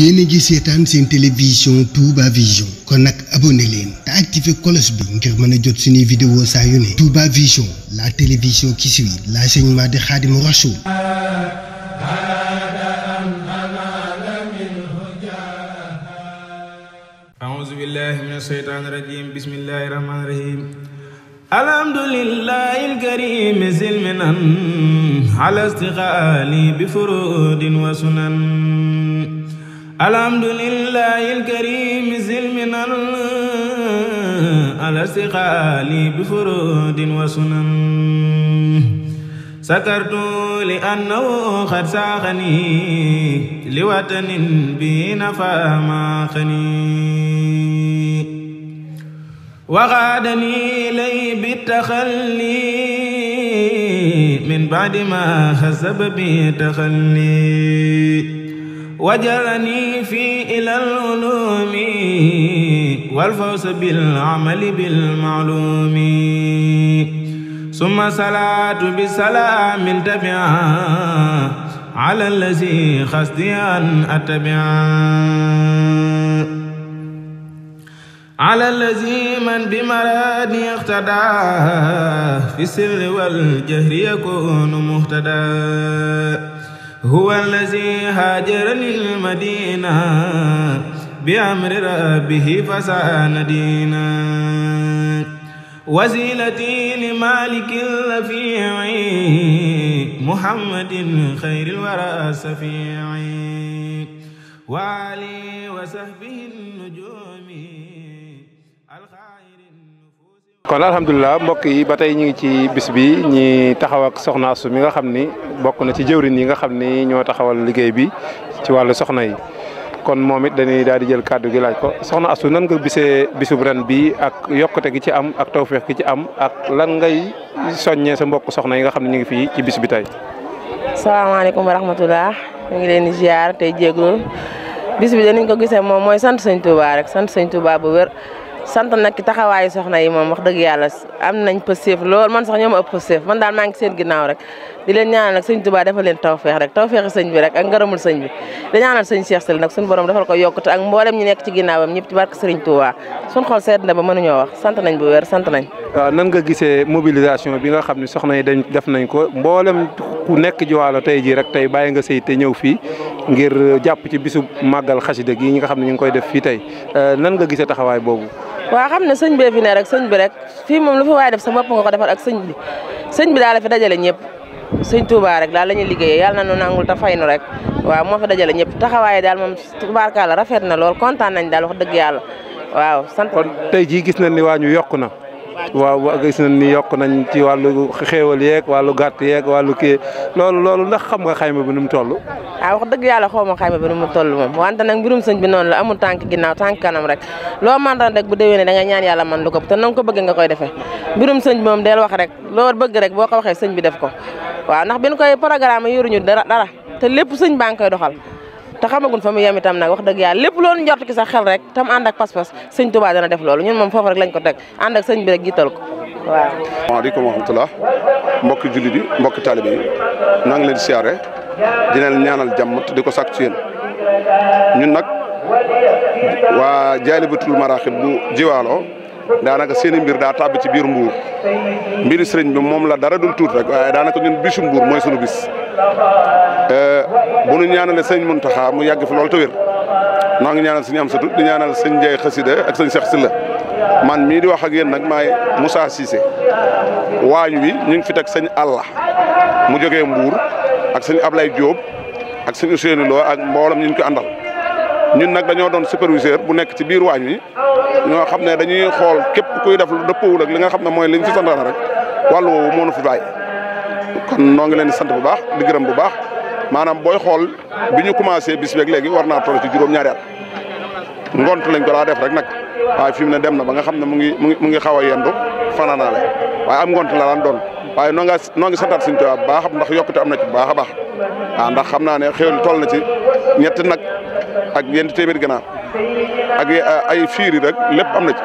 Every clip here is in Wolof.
yéen a ngi seetaan seen télévision Touba Vision kon nag abonné leen te activé cloche bi ngir mën a jot suñuy vidéo saa yu ne Touba Vision la télévision qui suit l'enseignement de Khadimou Rassoul aouzu billahi mina shaytaani rajim bismillahi rahmaani rahim alhamdulillahi alkarimi silminan ala istiqaali bi furudin wa sunan alhamdulillahi alkarim silminan ala istiqaali bi furudin wa sunan sakartu li annahu qad saaxani li watanin bi nafa maaxani وغادني لي بالتخلي من بعد ما خسب بي تخلي wajalani fi ilal ulumi wal fawsa bil amali bil ma'lumi summa salaatu bi salaamin tabi'a ala allazi xasdi an atabia ala allazi man bi maradi ixtada fi sirri wal jahri yakunu muhtada هو الذي هاجر للمدينة بأمر ربه فسعى دينا وزيلتي لمالك الرفيع محمد خير الورى سفيع وعلي وسهبه النجوم kon alhamdulilah mbokk yi ba tey ñu ngi ci bis bi ñi taxaw ak soxna Astu mi nga xam ni bokk na ci jëwrin yi nga xam ni ñoo taxawal liggéey bi ci wàllu soxna yi kon moom it dañuy daal di jël kàddu gi laaj ko soxna Astu nan nga bisee bisub ren ak yokkute gi ci am ak tawféex gi ci am lan ngay soññee sa mbokk soxna yi nga xam ne ñu ngi fii ci bis bi tey. salaamaaleykum ngi leen di tey jéeglu bis bi danañ ko gisee moom mooy sant sëñ Touba rek sant sëñ Touba bu wér. sant nag taxawaayu soxna yi moom wax dëgg yàlla am nañ pëstéef lool man sax ñoom ma ëpp pëstéef man daal maa ngi seen ginnaaw rek di leen ñaanal nag sëñ Tuubaa dafa leen tawfeex rek tawfeexi sëñ bi rek ak ngërëmul sëñ bi di ñaanal sëñ Cheikh nag suñu borom dafal ko yokkute ak mboolem ñu nekk ci ginnaawam ñëpp ci barke sëriñ Tuubaa suñ xool seet na ba mënuñoo wax sant nañ bu weer sant nañ waaw ah, nan nga gisee mobilisation bi nga xam ne soxna yi dañ def nañ ko mboolem ku nekk jiwaalo tey ji rek tey bàyyi nga sëy te ñëw fii ngir jàpp ci bisu màggal xasida gi ñi nga xam ne ñu ngi koy def fii tey eh, nan nga gisee taxawaay boobu waa xam ne sëñ be fi ne rek sëñ bi rek fii moom lu fi waay def sa bopp nga ko ak sëñ bi sëñ bi daal la fi dajale ñëpp sëñ Touba rek daal la ñuy liggéeyee yàlla na nu nangul ta fay nu rek waaw moo fi dajale ñëpp taxawaaye daal moom tubaarkaala rafet na lool kontaan nañ daal wax dëgg yàlla waaw sant tey jii gis nañ ni waa ñu yokku na waaw ba gis nañ ni yokk nañ ci wàllu xéewal yeeg wàllu gàtt yeeg wàllu kii loolu loolu ndax xam nga xayma bi nu mu toll ah wax dëgg yàlla xaw ma xayma bi nu mu toll moom wante nag mbirum sëñ bi noonu la amul tànk ginnaaw tànk kanam rek loo mantan rek bu déwénee da ñaan yàlla man lu ko te nanga ko bëgg nga koy defee mbirum sëñ bi moom deel wax rek loo bëgg rek boo ko waxee sëñ bi def ko waaw ndax bin koy programme yoruñu dara te lépp sëñ baa ngi koy doxal te xamagun fa mu itam nag wax dëgg yàlla lépp loolu njort ki sax xel rek tam ànd ak pas-pas sëñ Touba dana def loolu ñun moom foofu rek lañ ko teg ànd ak sëñ bi rek jiital ko waaw. waaleykum wa mbokki jullit bi mbokki taalibe yi naa ngi leen siyaare di leen ñaanal jàmm te di ko sàkk ci yéen ñun nag waa Jaalibatul Maraaxib bu Jiwaalo. daanaka seeni mbir daa tàbbi ci biir mbuur mbiri sëriñ bi moom la dara dul tuut rek waaye daanaka ñun bisu mbuur mooy sunu bis euh, bu nu ñaanale sëñ Muntaxa mu yàgg fi loolu te wér noo ngi ñaanal sëñ Amsatu di ñaanal sëñ Ndiaye xasida ak sëñ si la man mii di wax ak yéen nag maay Moussa siise waañ wi ñu ngi fi teg sëñ Allah mu jógee mbuur ak sëñ Ablaye Diop ak sëñ Ousseynou Lo ak mboolom ñu ko àndal ñun nag dañoo doon superviseur bu nekk ci biir waañ wi ñoo xam ne dañuy xool képp kuy def lu dëppwul ak li nga xam ne mooy liñ fi santaane rek wàllu woowu moo nu fi bàyyi kon noo ngi leen di sant bu baax di gërëm bu baax maanaam booy xool bi ñu commencé bis beeg léegi war naa toll ci juróom-ñaari at ngont lañ ko daa def rek nag waaye fi mu ne dem na ba nga xam ne mu ngi mu ngi mu ngi xaw a yendu fanaanaale waaye am ngont la daan doon waaye noo nga noo ngi santaat suñu tubaab bu baax ndax yokkute am na ci bu baax a baax waaw ndax xam naa ne xéwal toll na ci ñetti nag ak yenti téeméer ganaar ak ay fiir rek lépp am na ci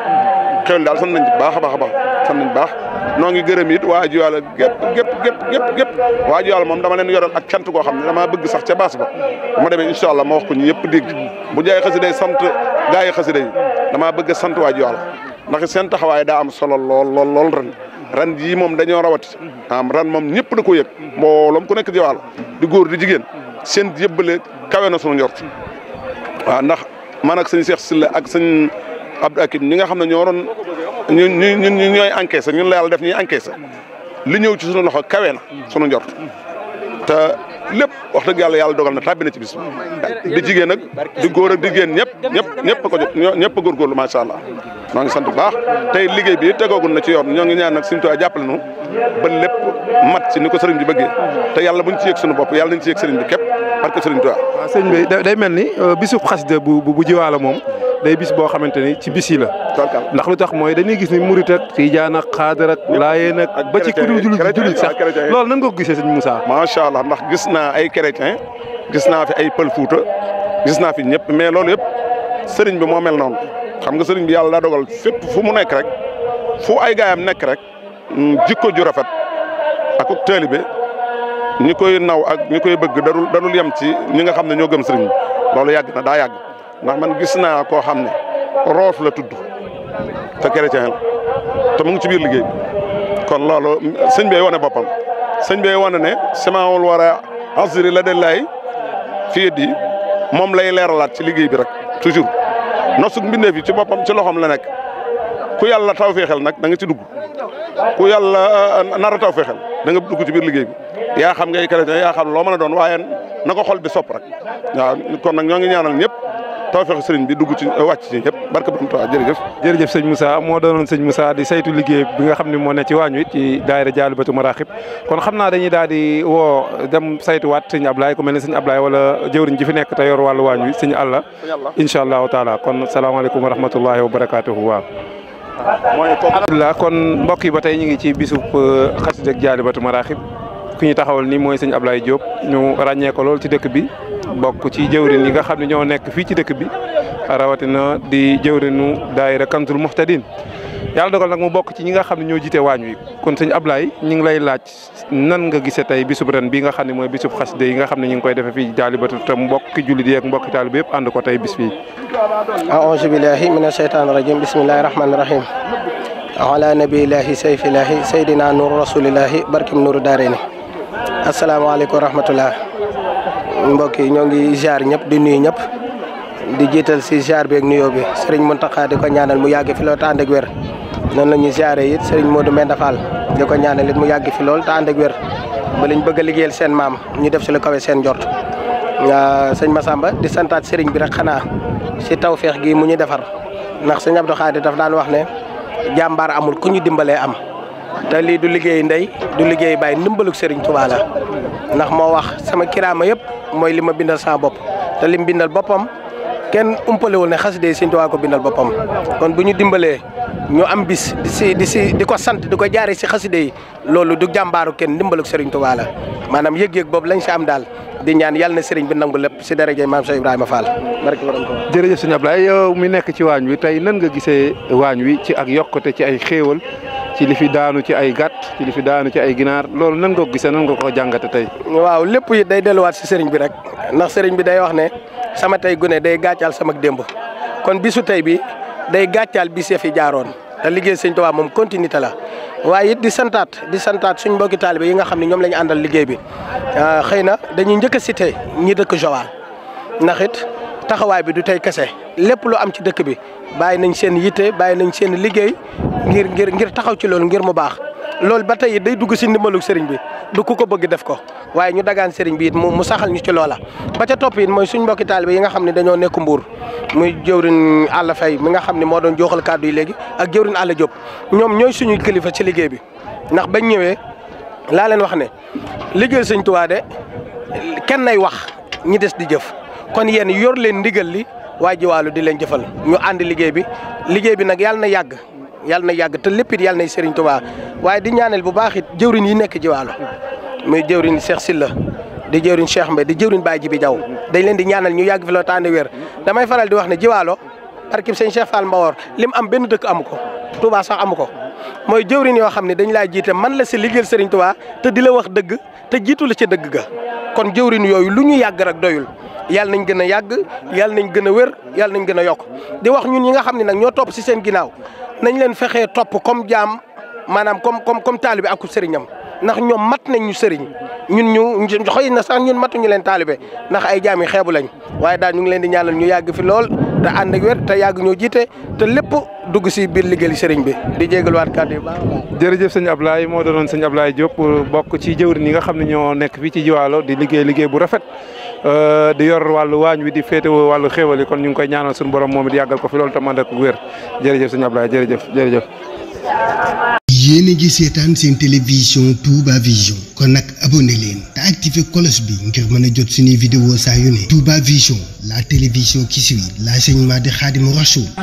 xewal daal sant nañ ci baax a baax a baax sant nañ baax noo ngi gërëm it waa Juwaale gépp gépp gépp gépp gépp waa Juwaale moom dama leen yoral ak cant goo xam ne damaa bëgg sax ca baas ba bu ma demee incha wax ko ñu yëpp dégg bu jaay xasida yi sant gaa yi xasida yi damaa bëgg sant waa Juwaale ndax seen taxawaay daa am solo lool lool lool ren ran jii moom dañoo rawati am ran moom ñëpp da ko yëg mbooloom ku nekk Juwaale di góor di jigéen seen yëbbale kawe na sunu njort waaw man ak sëñ Cheikh Sylla ak sëñ Abdou Akim ñi nga xam ne ñoo waroon ñu ñu ñu ñooy encaissé ñun la yàlla def ñuy encaissé li ñëw ci sunu loxo kawe na sunu njort te lépp wax dëgg yàlla yàlla dogal na tàbbi na ci bis di jigéen ak di góor ak di jigéen ñëpp ñëpp ñëpp a ko jot ñëpp a góorgóorlu macha allah. ñoo ngi sant bu baax tey liggéey bi tegoogul na ci yoon ñoo ngi ñaan nag suñu tuwaay jàppale nu ba lépp mat si ni ko sëriñ bi bëggee te yàlla buñ ci yëg sunu bopp yàlla nañ ci yëg sëriñ bi képp barke Serigne Touba. waaw bi day mel ni euh, bisu xasida bu bu jiwaala moom day bis boo xamante ni ci bis yi la. ndax lu tax mooy dañuy gis ni murit ak tijaan ak ak laayeen ak ba ci kudu jullit sax loolu nan ko gisee sëñ Moussa. macha allah ndax gis naa ay chrétien gis naa fi ay pël Fuuta gis naa fi ñëpp mais loolu yëpp sëriñ bi moo mel noonu xam nga sëriñ bi yàlla daa dogal fépp fu mu nekk rek fu ay gaayam nekk rek mm, jikko ju rafet ak taalibe ñi koy naw ak ñu koy bëgg darul darul yem ci ñi nga xam ne ñoo gëm sëriñ loolu yàgg na daa yàgg ndax man gis naa koo xam ne roof la tudd te chrétien la te mu ngi ci biir liggéey bi kon loolu sëñ bi wane boppam sëñ bi wane ne simaawul war a asiri la del lay fii di moom lay leeralaat ci liggéey bi rek toujours nosug mbindeef yi ci boppam ci loxoom la nekk ku yàlla taw feexel nag da ci dugg ku yàlla euh, nara taw feexel da nga dugg ci biir liggéey bi yaa xam ngay chrétien yaa xam loo mën a doon waaye na ko xol bi sopp rek waaw kon nag ñoo ngi ñaanal ñëpp tawfeex sëriñ bi dugg ci wàcc ci ñëpp barke Borom Tuubaa jërëjëf jërëjëf sëñ Moussa moo doonoon sëñ Moussa di saytu liggéey bi nga xam ne moo ne ci waañ wi ci daayira Jaalibatu Maraaxib kon xam naa dañuy daal di woo dem saytuwaat sëñ Ablaye ku mel ne sëñ Ablaye wala jëwriñ ji fi nekk te yor wàllu waañ wi sëñ Alla incha allahu taala kon salaamaaleykum wa rahmatullahi wa barakatuhu waaw alhamdulilah kon mbokk yi ba tey ñu ngi ci bisub uh, xasida Jaalibatu Maraaxib ki ñu taxawal nii mooy sëñ Ablaye Diop ñu ràññee ko ci dëkk bi bokk ci jëwrin yi nga xam ne ñoo nekk fii ci dëkk bi rawatina di jëwrinu daayira Kanzul Muhtadin yàlla dogal nag mu bokk ci ñi nga xam ne ñoo jiite waañu yi kon sëñ Ablaye ñu ngi lay laaj nan nga gisee tey bisub ren bi nga xam ne mooy bisub xaside yi nga xam ne ñu ngi koy defee fii jaalibatu te mbokki jullit yi ak mbokki taalibe yëpp ànd ko tey bis fii aouzu billahi a sheytaani rajim bismillahi rahmani rahim ala nabiyillahi sayfillahi saydina nuur rasulillahi barkim nuuru daareeni asalaamaaleykum wa rahmatulah mbokk yi ñoo ngi ziar ñëpp di nuyu ñëpp di jiital si ziar bi nuyoo bi Serigne mun di ko ñaanal mu yàgg fi lool te ànd ak wér. noonu la ñuy ziaree it Serigne Modou Menda di ko ñaanal it mu yàgg fi lool te ànd ak wér ba bëgg a seen maam ñu def si la kawe seen jort. sëñ masamba di santaat Serigne bi rek xanaa si taw feex gi mu ñu defar ndax sëñ Abdou Khadre daf daan wax ne jàmbaar amul ku ñu dimbalee am. te lii du liggéey ndey du liggéey bàyyi ndimbaluk Serigne Touba la ndax moo wax sama kiraama yëpp mooy li ma bindal saa bopp te lim bindal boppam kenn umpalewul ne xasida si Touba ko bindal boppam kon bu ñu dimbalee ñu am bis di si di si di ko sant di ko jaare si xasida yi loolu du jàmbaaru kenn ndimbaluk Serigne Touba la maanaam yëg-yëg boobu lañ si am daal di ñaan yal na Serigne bi nangu lépp si daraja maam Cheikh Ibrahima Fall. jërëjëf sëñ Ablaye yow mi nekk ci waañ wi tey nan nga gisee waañ wi ci ak yokkute ci ay xéewal ci li fi daanu ci ay gàtt ci li fi daanu ci ay ginaar loolu nan nga ko gisee nan nga ko jàngate tey. waaw lépp it day delluwaat si sëriñ bi rek ndax sëriñ bi day wax ne sama tey gune day gàccaal sama démb kon bisu tey bi day gàccaal bis ya fi jaaroon te liggéey sëñ towaa moom continuité la. waaye it di santaat di santaat suñ mbokki taalibe yi nga xam ne ñoom la ñu àndal liggéey bi ah, xëy na dañuy njëkk a cité ñi dëkk Joal ndax it taxawaay bi du tey kese lépp lu am ci dëkk bi bàyyi nañ seen yitte bàyyi nañ seen liggéey ngir ngir ngir taxaw ci loolu ngir mu baax loolu ba tey day dugg si ndimbalu sëriñ bi du ku ko bëgg def ko waaye ñu dagaan sëriñ bi it mu saxal ñu ci loola. ba ca topp it mooy suñ mbokki taalibe yi nga xam ne dañoo nekk mbuur muy jëwriñ àll fay mi nga xam ne moo doon joxal kàddu yi léegi ak jëwriñ àll Diop ñoom ñooy suñu kilifa ci liggéey bi ndax bañ ñëwee laa leen wax ne liggéey sëñ Tuubaa de kenn nay wax ñi des di jëf kon yéen yor leen ndigal li waa jiwaalu di leen jëfal ñu ànd liggéey bi liggéey bi nag yàlla na yàgg yàlla na te lépp it yàlla nay Serigne Touba waaye di ñaanal bu baax it jëwriñ yi nekk jiwaalu muy jëwriñ Cheikh Silla di jëwriñ Cheikh Mbaye di jëwriñ Baye Jibi jaw dañ leen di ñaanal ñu yàgg fi la tànn weer damay faral di wax ne jiwaalo barkib sëñ Cheikh Fall Mbawor lim am benn dëkk amu ko Touba sax amu ko mooy jëwriñ yoo xam ne dañ laa jiite man la si liggéey Serigne Touba te di la wax dëgg te jiitu la ci dëgg ga kon jëwriñ yooyu lu ñu yàgg rek doyul yàlla nañ gën a yàgg yàlla nañ gën a wër yàlla nañ gën a yokk di wax ñu ñi nga xam ne nag ñoo topp si seen ginnaaw nañ leen fexee topp comme jaam maanaam comme comme comme taalibe ak sëriñam ndax ñoom mat nañ ñu sëriñ ñun ñu xëy na sax ñun matuñu leen taalibe ndax ay jaam xeebu lañ waaye daal ñu ngi leen di ñaanal ñu yàgg fi lool te ànd ak wér te yàgg ñoo jiite te lépp dugg si biir liggéey sëriñ bi di jégaluwaat kàddu yi baax jërëjëf sëñ Ablaye moo doonoon sëñ Ablaye Diop bokk ci jëwriñ yi nga xam ne ñoo nekk fii ci Jiwaalo di liggéey liggéey bu rafet Euh, di yor wàllu waañ wi di féetewoo wàllu xéewal yi kon ñu ngi koy ñaanal suñu borom moom di yàggal ko fi loolu tam ànd ak wér jërëjëf sëñ Ablaye jërëjëf jërëjëf. yéen a ngi seetaan seen télévision Touba Vision kon nag abonné leen te activé cloche bi ngir mën a jot suñuy vidéo saa yu ne Touba Vision la télévision qui suit l'enseignement de Khadimou Rassoul